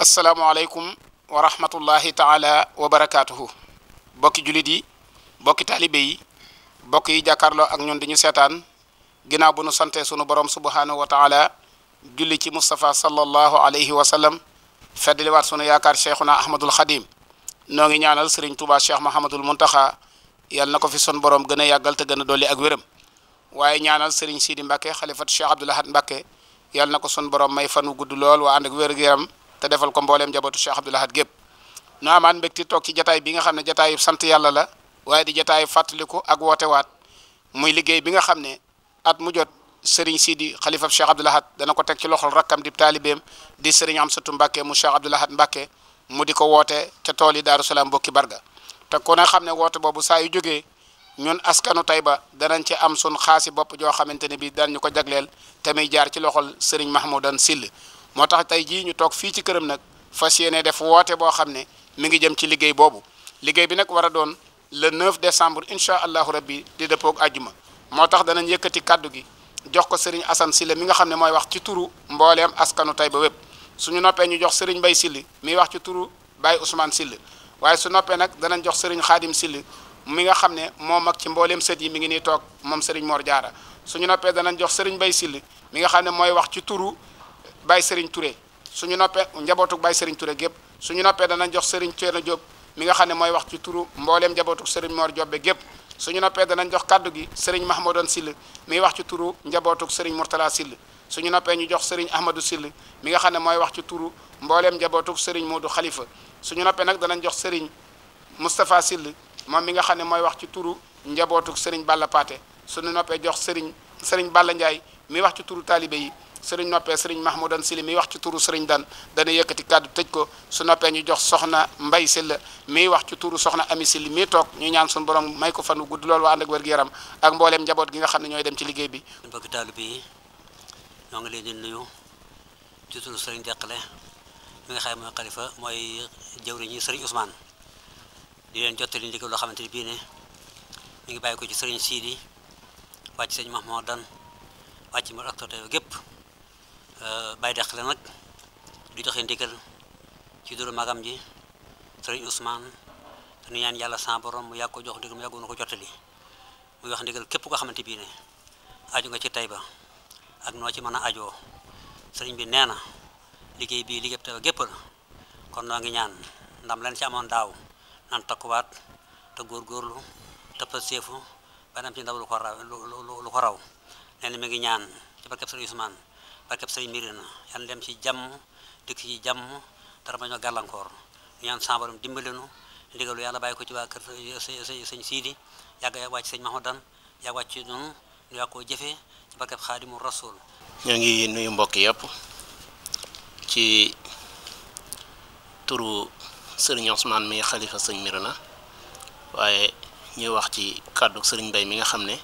asalaamualeykum wa rahmatullahi taala wa barakaatuhu bokki jullit yi bokki taalibe yi bokk yi jàkkaarloo ak ñun diñu seetaan ginnaaw bu nu sante sunu borom subhanahu wa taala julli ci Moustapha sallallahu alayhi wa sallam feddaliwaat sunu yaakaar cheikhuna ahmadul xadim noo ngi ñaanal sëriñ Touba cheikh mahamadul muntaxa yàlla na ko fi son borom gën a yàggal te gën a dolli ak wéram waaye ñaanal sëriñ Sidi Mbacke xalifat cheikh Abdoul Ahad Mbacke yàlla na ko sun borom may fan wu gudd lool waa ak wér gu te defal ko mbooleem njabootu Cheikh Abdoul Ahad gépp no amaan mbégti toog ci jataay bi nga xam ne jataayu sant yàlla la waaye di jataayu fàttaliku ak woote waat muy liggéey bi nga xam ne at mu jot sëriñ Sidi xalifa Cheikh Abdoul Ahad dana ko teg ci loxol rakkam di taalibeem di sëriñ Amsatu Mbàkke mu Cheikh Abdoul Ahad Mbàkke mu di ko woote ca tool yi Daaru Salaam bokki barga te ku ne xam ne woote boobu saa yu jógee ñun askanu ba danañ ci am sun xaasi bopp joo xamante ne bii danañ ko jagleel te muy jaar ci loxol sëriñ Mahmoudan Sill moo tax tey jii ñu toog fii ci këram nag fas yéene def woote boo xam ne mi ngi jëm ci liggéey boobu liggéey bi nag war a doon le 9 decembre incha allahu rabbi di dëppoog àjjuma moo tax danañ yëkkati kàddu gi jox ko sëriñ Assane Sylla mi nga xam ne mooy wax ci turu mbooleem askanu Taïba wépp suñu noppee ñu jox sëriñ Mbaye Sylla miy wax ci turu Baye Ousmane Sylla waaye su noppee nag danañ jox sëriñ Xaadim Sylla mi nga xam ne moo mag ci mbooleem sët yi mi ngi nii toog moom sëriñ Mor Diarra suñu noppee danañ jox sëriñ bay Sylla mi nga xam ne mooy wax ci turu Baye Serigne Touré suñu noppee njabootuk Baye Serigne Touré gépp suñu noppee danañ jox Serigne Thierno Diop mi nga xam ne mooy wax ci turu mbooleem njabootuk Serigne Mor Diop gépp suñu noppee danañ jox kaddu gi Serigne Mahmoudan Sill miy wax ci turu njabootuk Serigne Mourtala Sill suñu noppee ñu jox Serigne Ahmadou Sill mi nga xam ne mooy wax ci turu mbooleem njabootuk Serigne Modou Khalifa suñu noppee nag danañ jox Serigne Moustapha Sill moom mi nga xam ne mooy wax ci turu njabootuk Serigne Balla Paate suñu noppee jox Serigne Serigne Balla Ndiaye mi wax ci turu taalibe yi sëriñ noppee sëriñ mahmoudan sili miy wax ci turu sëriñ dan dana yëkkati kàddu tëj ko su noppee ñu jox soxna mbay la miy wax ci tuuru soxna ami sili muy toog ñu ñaan suñu borom may ko fan fanu gudd loolu waa ànd ak wér yaram ak mbooleem njaboot gi nga xam ne ñooy dem ci liggéey bi mbokki taalib yi ñoo ngi leen di nuyu ci turu sëriñ deqale mi nga xam ne mooy xalifa mooy jëwriñu sëriñ ousmane di leen jottali ndigal loo xamante ni bii ne mu ngi bàyyi ko ci sëriñ siidi wàcc sëriñ mahmoudan wàcc ma ak gépp Euh, Baye Dakhla nag du joxe ndigal ci duru magam ji sëriñ Ousmane te ñaan yàlla sa borom mu yàgg ko jox ndigal mu yàggu na ko jottali muy wax ndigal képp koo xamante bii ne aju nga ci ba ak noo ci mën a ajoo sëriñ bi nee na liggéey bii liggéey Taïba gépp la kon noo ngi ñaan ndam leen ci amoon daaw nan takkuwaat te góorgóorlu te fa seefu ba dem ci ndaw lu ko raw lu ko raw nee na mi ngi ñaan ci barkeb sëriñ Ousmane barkeb sëriñ Mirina yàlla dem ci jàmm dikk ci jàmm dara ma gàllankoor ñaan sa borom nu ndigalu yàlla bàyyi ko ci waa kër sëñ Siidi yàgg wàcc sëñ Mahmadan yàgg wàcc noonu ñu yàgg koo jëfee ci barkeb Xaadimu Rasuul ñoo ngi nuyu mbokk yëpp ci turu sëriñ Ousmane mi xalifa sëñ Mirina waaye ñuy wax ci kàddu sëriñ Mbay mi nga xam ne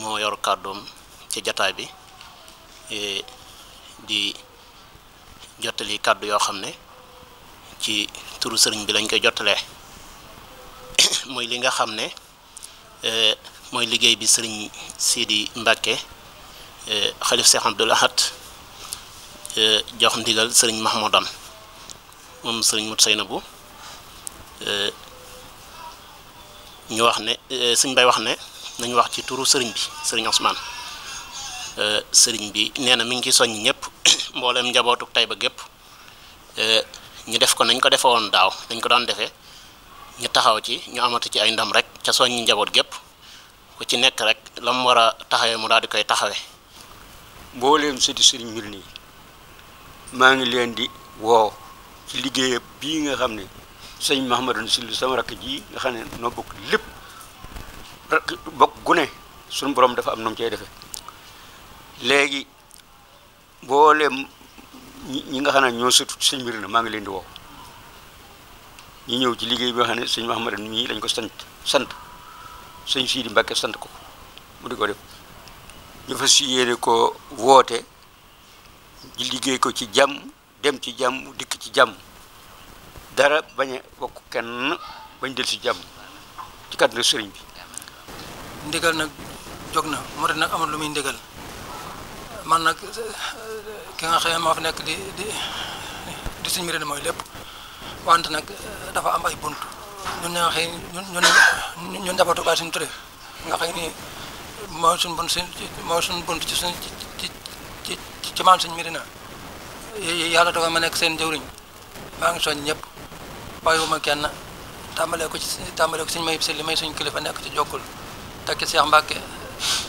moo yor kàddoom ci jataay bi E, di jottali kàddu yoo xam ne ci turu sëriñ bi lañ koy jottalee mooy li nga xam ne e, mooy liggéey bi sëriñ Sidi Mbacke e, xalif Cheikh Abdoul Ahad jox ndigal sëriñ Mahmoudan moom sëriñ Mut Seynabu ñu wax ne sëñ bay wax ne nañu wax ci turu sëriñ bi sëriñ Ousmane Eh, sëriñ bi nee na mi ngi ci soññ ñëpp mboolem njabootuk ba gépp eh, ñu def ko nañ ko defe woon daaw dañ ko daan defee ñu taxaw ci ñu amatu ci ay ndam rek ca soññi njaboot gépp ku ci nekk rek la mu war a taxawee mu daal di koy taxawee mboolem sëti sëriñ Mbill yi maa ngi leen di woo ci liggéey bii nga xam ne sëñ Mahamadoun Syll sama rakk ji nga xam ne noo bokk lépp rakk bokk gune suñu borom dafa am noom cay defee léegi mboolem ñi nga xam ne ñoo sut sëñ mbir maa ngi leen di woo ñu ñëw ci liggéey bi nga xam ne sëñ ni mii lañ ko sant sant sëñ Sidi Mbàkke sant ko mu di ko def ñu fas yéene ko woote di liggéey ko ci jàmm dem ci jàmm dikk ci jàmm dara bañ a kenn bañ del ci jàmm ci kàddu na sëriñ bi ndigal nag jog na moo tax nag amul lu muy ndigal man nag eh, eh, ki nga xamee moo fi nekk di di di suñu mbir mooy lépp wante nag eh, dafa am ay bunt ñun ñoo xëy ñun ñun ñun njabootu Baye Serigne Touré nga xëy ni mooy suñu bunt mooy suñu bunt ci suñu ci ci ci maam suñu mbir naa yàlla dafa ma nekk seen jëwriñ maa ngi soññ ñëpp bàyyiwuma kenn tàmbalee ko ci tàmbalee ko suñu mayib si li may suñu kilifa nekk ci jokkul teg ci Cheikh Mbacke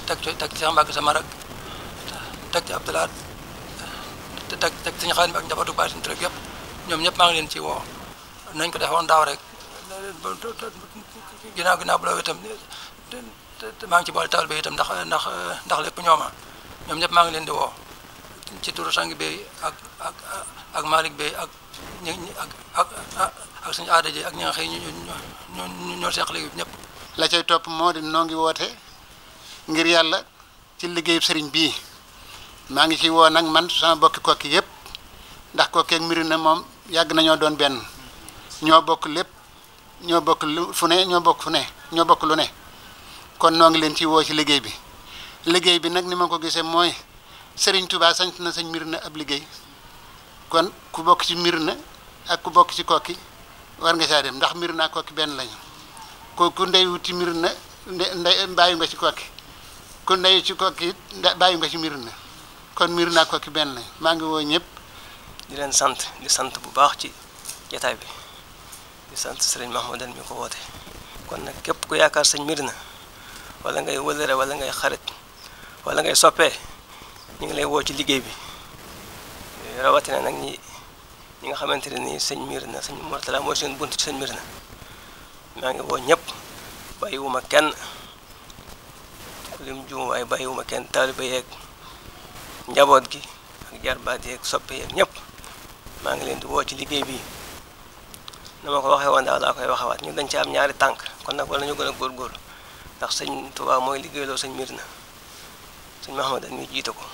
teg ci teg ci Cheikh Mbacke sama rak teg ci Abdoulaat te teg teg suñu xaalis bi yëpp ñoom ñëpp maa ngi leen ci woo nañ ko defoon daaw rek ginnaaw ginnaaw maa ngi ci boole taal bi ndax ndax ndax lépp ñooma ñoom ñëpp maa ngi leen di woo ci turu sangi bi ak ak ak Malick ak ñi ak ak ak suñu aada ji ak ñi nga ñoo seq léegi la cay topp moo di noo ngi woote ngir yàlla ci liggéey sëriñ bii. maa ngi ci woo nag man sama bokki kokki yëpp ndax kokkeeg Médina moom yàgg nañoo doon benn ñoo bokk lépp ñoo bokk lu fu ne ñoo bokk fu ne ñoo bokk lu ne kon noo ngi leen ci woo ci liggéey bi liggéey bi nag ni ma ko gisee mooy Serigne Touba sant na sëñ Médina ab liggéey kon ku bokk ci Médina ak ku bokk ci kokki war nga saa dem ndax Médina ak kokki benn lañu ko ku ndey wuti Médina ndey nga ci kokki ku ndey ci kokki bàyyi nga ci Médina kon miir naa ko ki benn maa ngi woo ñëpp. di leen sant di sant bu baax ci jataay bi di sant sëriñ Mahmoudane mi ko woote. kon nag képp ku yaakaar sëñ Médina wala ngay wëlëre wala ngay xarit wala ngay soppee ñu ngi lay woo ci liggéey bi rawatina nag ñi ñi nga xamante ne nii sëñ Médina sëñ Mourtala mooy seen bunt ci sëñ Médina maa ngi woo ñëpp bàyyiwuma kenn lim juum waaye bàyyiwuma kenn taaliba yeeg. njaboot gi ak jarbaat yeeg soppe yeeg ñëpp maa ngi leen di woo ci liggéey bi na ko waxee woon daal laa koy waxewaat ñu dañ ci am ñaari tànk kon nag wala ñu gën a góorgóorlu ndax sëñ Tuubaa mooy liggéeyloo sëñ Mirna sëñ Mahamadan mi jiite ko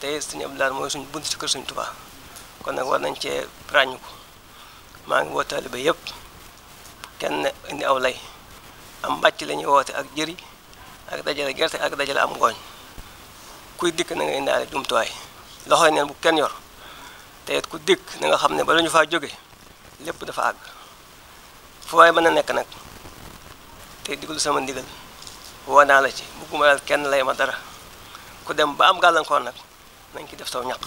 te sëñ Abdoulaye mooy suñ bunt ci kër suñ Tuubaa kon nag war nañ cee ràññu ko maa ngi woo taalibe yëpp kenn indi aw lay am mbàcc lañuy woote ak jëri ak dajale gerte ak dajale am ngooñ kuy dikk na nga indaale jumtuwaay loxo yi neen bu kenn yor te ku dikk na nga xam ne bala ñu faa jóge lépp dafa àgg fu waay mën a nekk nag te diglu sama ndigal woo naa la ci bugguma daal kenn lay ma dara ku dem ba am gàllankoor nag nañ ki def saw ñaq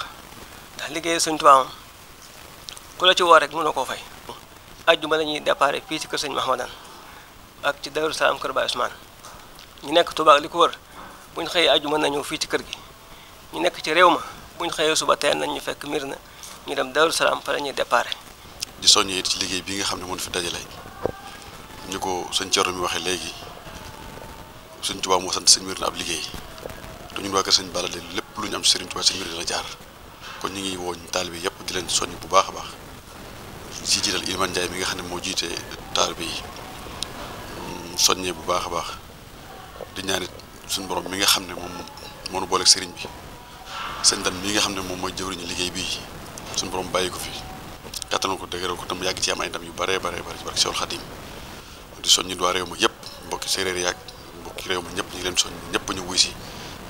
ndax liggéey suñ tubaabam ku la ci woo rek mënoo koo fay ajjuma la ñuy départ fii ci kër sañ Mahamadan ak ci Daaru Salaam kër Baay Usmaan ñu nekk Tuubaa li ko wër bu ñu xëyee ajjuma na ñëw fii ci kër gi ñu nekk ci réew ma bu ñu xëyee suba teel nañ ñu fekk mbir na ñu dem Daaru Salaam fa la ñuy déparé. di soññee it ci liggéey bi nga xam ne moo fi dajale ñu ko sëñ Thierno mi waxee léegi sëñ Tuubaa moo sant sëñ mbir na ab liggéey te ñun waa kër sëñ lépp lu ñu am sëriñ Tuubaa sëñ mbir kon ñu ngi woo ñu taalibe yëpp di leen soññ bu baax a baax ci jiital Iliman Ndiaye mi nga xam ne moo jiite taalibe yi mm, soññee bu baax a baax di suñu borom mi nga xam ne moom moo nu sëriñ bi. sëñ Dan mii nga xam ne moom mooy jëwriñu liggéey bii suñu borom bàyyi ko fi kattanal ko dëgëral ko tam yàgg ci am ay ndam yu bare bare bare ci barke Seexul Xadim di soññi waa réew ma yëpp mbokki séeréer yaag ñëpp ñu leen soññ ñëpp ñu si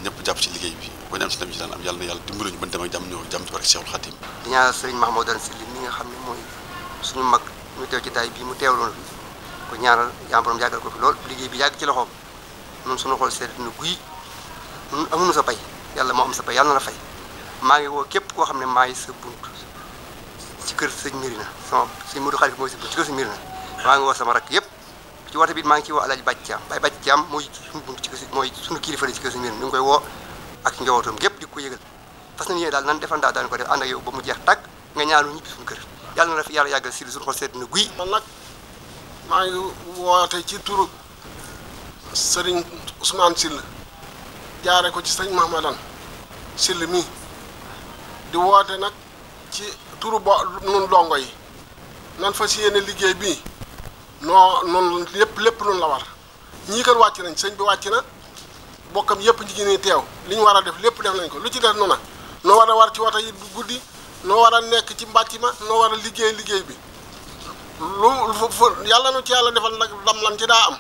ñëpp jàpp ci liggéey bi ba ñu am si ndam ci daan am yàlla na yàlla dimbali ñu ba dem ak jàmm ñëw mi nga xam ne mooy suñu mag ñu teew ci tay bii mu teewloon ko ñaanal yaa borom yàggal ko fi lool liggéey bi yàgg ci loxoom ñun suñu xool seet na guy ñun amuñu sa pay yàlla moo am sa pay yàlla na fay maa ngi woo képp koo xam ne maa ngi sa bunt ci kër sëñ Mirina sama sëñ Modou Khalifa mooy sa bunt ci kër sëñ Mirina maa ngi woo sama rakk yëpp ci woote bi maa ngi ciy woo Alaaji Bàcc Caam Baay Bàcc Caam mooy suñu bunt ci kër mooy suñu kilifa ci kër sëñ Mirina ñu ngi koy woo ak njabootam gépp di ko yëgal fas nañu yéene daal nan defan daal daan ko def ànd ak yow ba mu jeex tàkk nga ñaanu ñibbi suñu kër yàlla na la fi yàlla si suñu xol sedd na guy maa ngi woote ci turu Sëriñ Ousmane Sylla jaare ko ci sëñ Mahamadan Syll mi di woote nag ci turu bo nun dongo yi nan fas yéene liggéey bii noo noonu lépp lépp nun la war ñii kër wàcc nañ sëñ bi wàcc na bokkam yëpp ñi ngi teew li ñu war a def lépp def nañ ko lu ci def nu na noo war a war ci wata yi guddi noo war a nekk ci mbàcc ma noo war a liggéey liggéey bi lu fu yàlla nu ci yàlla defal nag lam lam ci daa am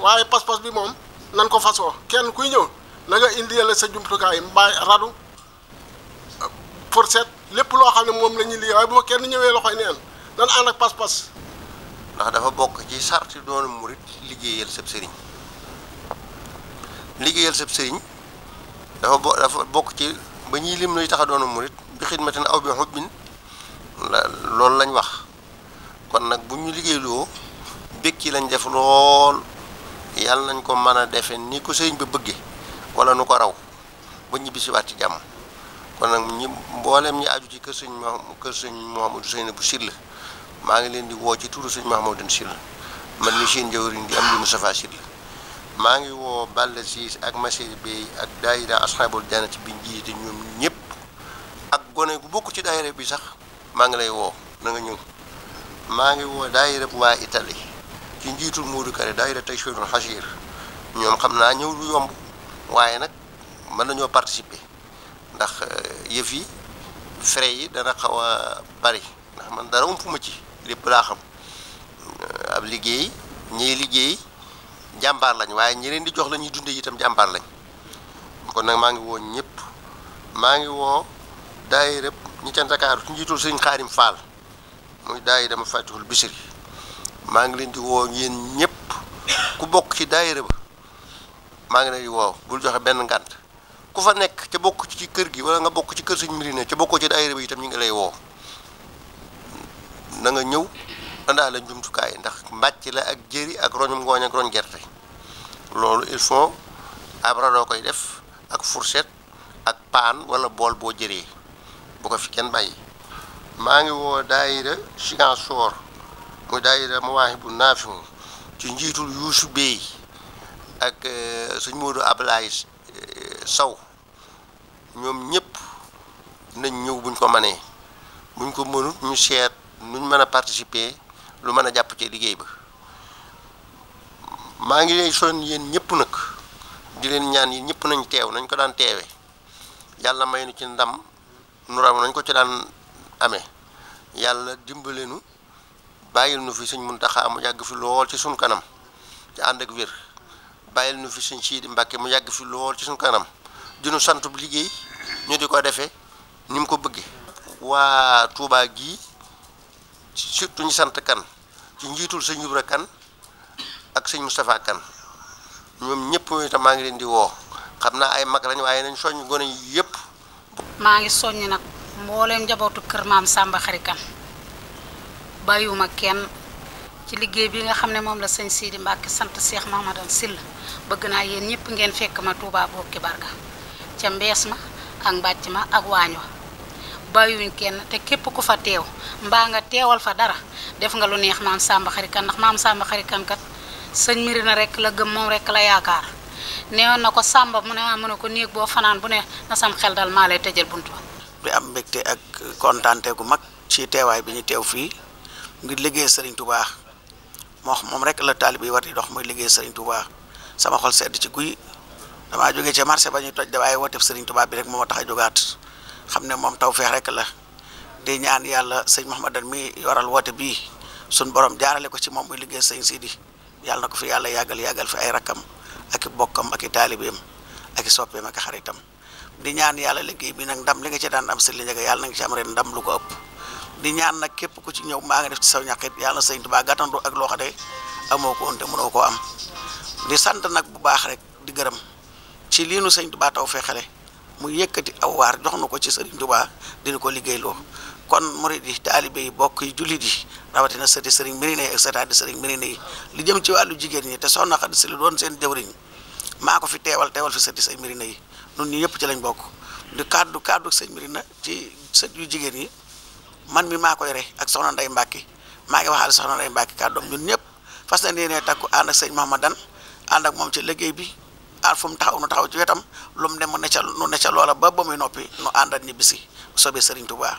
waaye pas-pas bi moom nan ko fasoo kenn kuy ñëw na nga indiale sa jumtukaay mbaay radu fourchette lépp loo xam ne moom la ñuy liggéey ñëwee loxoy neen nan ànd ak ndax dafa bokk ci sarti doonu murit liggéeyal sab sëriñ liggéeyal sab sëriñ dafa bo bokk ci ba ñuy lim luy tax a doonu murit bi xidmatin aw bi xubbin la loolu lañ wax kon nag bu ñu liggéeyloo békki lañ def lool yàlla nañ ko mën a defe ni ko sëriñ ba bëggee wala nu ko raw ba ñibbi ñibbisiwaat ci jàmm kon nag ñi mboolem ñi aju ci kër sëñ Mahamadou kër sëñ Mahamadou bu Sylla maa ngi leen di woo ci turu sëñ Mahamadou Sylla man mi seen jawriñ di am di Moustapha Sylla maa ngi woo Balla Siis ak Masir Bey ak daayira Asxaabul Jannati bi njiite ñoom ñëpp ak gone gu bokk ci daayira bi sax maa ngi lay woo nanga ñëw maa ngi woo daayira bu waa itali ci njiitul Moodu Kare daayira tey Cheikhul Hachir ñoom xam naa ñëw yomb waaye nag mën nañoo participer ndax euh, yëf yi frais yi dana xaw a ndax man dara umpuma ci lépp laa xam euh, ab liggéey ñiy liggéey jàmbaar lañ waaye ñi leen di jox lañuy ñuy dundee itam jàmbaar lañ kon nag maa ngi woo ñëpp maa ngi woo daay rëpp ñi ca Ndakaaru ci njiitul Sëriñ Xaarim Faal muy daay dama fàttixul yi maa ngi leen di woo yéen ñëpp ku bokk ci daayira ba maa ngi lay woo bul joxe benn ngànt ku fa nekk ca bokk ci kër gi wala nga bokk ci kër sëñ Mbirina ca bokkoo ci daayira bi itam ñu ngi lay woo na nga ñëw andaa la jumtukaay ndax mbàcc la ak jëri ak roñum ngooñ ak roñ gerte loolu il faut ab radoo koy def ak fourchette ak paan wala bool boo jëree bu ko fi kenn bàyyi maa ngi woo daayira Ziguinchor muy daayira bu Naafi ci njiitul Yuusu Bey ak euh, suñ Modou Ablaye euh, Sow ñoom ñëpp nañ ñëw buñ ko mënee buñ ko mënut ñu seet nuñ mën a participer lu mën a jàpp ci liggéey bi maa ngi lay son yéen ñëpp nag di leen ñaan yi ñëpp nañ teew nañ ko daan teewe yàlla may nu ci ndam nu raw nañ ko ci daan amee yàlla dimbale nu bàyyil nu fi suñ Muntaxa mu jàgg fi lool ci suñ kanam ci ànd ak wér bàyyil nu fi suñ siidi mbakke mu yàgg fi lool ci suñ kanam dinu sant bu liggéey ñu di ko defe ni mu ko bëggee waa Touba gi surtout ñu sant kan ci njiitul sëñ Ibra kan ak sëñ Moustapha kan ñoom ñëpp mooy itam maa ngi leen di woo xam naa ay mag lañ waaye nañ soññ gone yëpp. maa ngi soññ nag mbooleem njabootu kër maam Samba Xari Kan bàyyiwuma kenn. ci liggéey bi nga xam ne moom la sëñ Sidi Mbacke sant Cheikh Mahamadan sill bëgg naa yéen ñëpp ngeen fekk ma Touba Boki Barga ca mbees ma ak mbàcc ma ak waañ wa bàyyiwuñ kenn te képp ku fa teew mbaa nga teewal fa dara def nga lu neex maam Samba Xari Kan ndax ma Samba Xari Kan kat sëñ mbiri na rek la gëm moom rek la yaakaar neewoon na ko sàmba mu ne maa mu ne ko néeg boo fanaan bu ne na sam xel dal maa lay tëjal buntu ba. di am mbégte ak kontaante gu mag ci teewaay bi ñu fii ngir liggéey Serigne Touba. moo moom rek la taalib yi war di dox muy liggéey Serigne Touba sama xol sedd ci guy damaa jóge ci marché ba ñuy toj de waaye wooteb Serigne Touba bi rek moo tax a xam ne moom tawfeex rek la di ñaan yàlla sëñ Mouhamadan mi waral woote bii suñ borom jaarale ko ci moom muy liggéey sëñ Sidi yàlla na ko fi yàlla yàggal yàggal fi ay rakkam aki bokkam ak i taalibeem ak i soppeem ak i xaritam di ñaan yàlla liggéey bi nag ndam li nga ci daan am si li njëkk yàlla na nga ci am ren ndam lu ko ëpp. di ñaan nag képp ku ci ñëw maa ngi def ci saw ñàqit yàlla sëñ Tuubaa gàttandu ak loo xam amoo ko te mënoo koo am di sant nag bu baax rek di gërëm ci lii nu sëñ Tuubaa taw fexale mu yëkkati aw waar jox na ko ci sëriñ Tuubaa dina ko liggéeyloo kon murid yi taalibe yi bokk yi jullit yi rawatina sëti sëriñ Mirina yi ak sëtaati sëriñ Mirina yi li jëm ci wàllu jigéen ñi te soxna Xadi si li doon seen jëwriñ maa ko fi teewal teewal fi sëti sëriñ Mirina yi ñun ñëpp ci lañ bokk di kàddu kàddu sëriñ Mirina ci sët jigéen yi man mi maa ko yore ak soxna Ndeye Mbacke maa ngi waxaale soxna Ndeye Mbacke kàddoom ñun ñëpp fas na yéene takku ànd ak sëñ Mahamadan ànd ak moom ci liggéey bi ànd fu mu taxaw nu taxaw ci wetam lu mu dem mu necca nu necca loola ba ba muy noppi nu àndat ñibbisi soobee Serigne Touba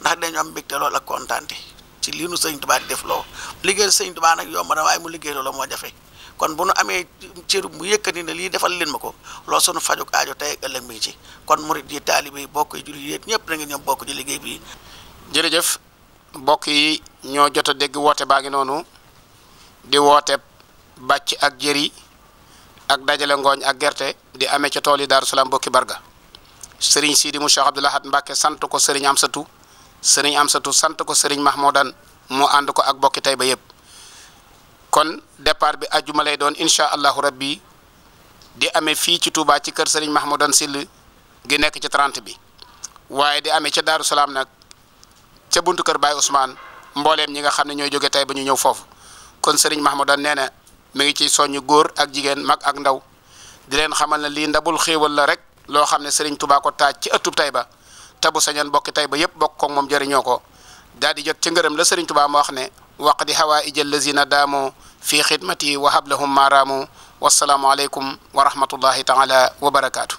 ndax dañu am mbégte lool ak kontaante ci lii nu Serigne Touba def loo liggéey Serigne Touba nag yomb na waaye mu liggéey loola moo jafe kon bu nu amee cër mu yëkkati ne lii defal leen ma ko loolu sunu fajuk ajo tey ëllëg mi ci kon mu yi taalibe yi bokk yi jullit yépp na ngeen ñoom bokk ci liggéey bi jërëjëf mbokk yi ñoo jot a dégg woote baa ngi noonu di woote bàcc ak jëri ak dajale ngooñ ak gerte di amee ca tool yi Daaru Salaam bokki Barga sëriñ Sidi mu Cheikh Abdoul Ahad sant ko sëriñ Amsatu sëriñ Amsatu sant ko sëriñ Mahmoudan mu ànd ko ak bokki ba yëpp kon départ bi ajuma lay doon incha allahu rabbi di amee fii ci Touba ci kër sëriñ Mahmoudan sil gi nekk ci 30 bi waaye di amee ca Daaru Salaam nag. ca buntu kër Baye Ousmane mbooleem ñi nga xam ne ñooy jóge tey ba ñu ñëw foofu kon sëriñ Mahmoudan nee na mi ngi ci soññu góor ak jigéen mag ak ndaw di leen xamal na lii ndabul xéewal la rek loo xam ne sëriñ Tuubaa ko taaj ci ëttub tey ba te bu sañoon bokki tey ba yépp bokk ko moom jariñoo ko daal di jot ca ngërëm la sëriñ Tuubaa moo wax ne waq di xawaa ijal lazina daamu fii xidmati wa hablahum maaraamu wasalaamu aleykum wa rahmatullahi taala wa barakaatu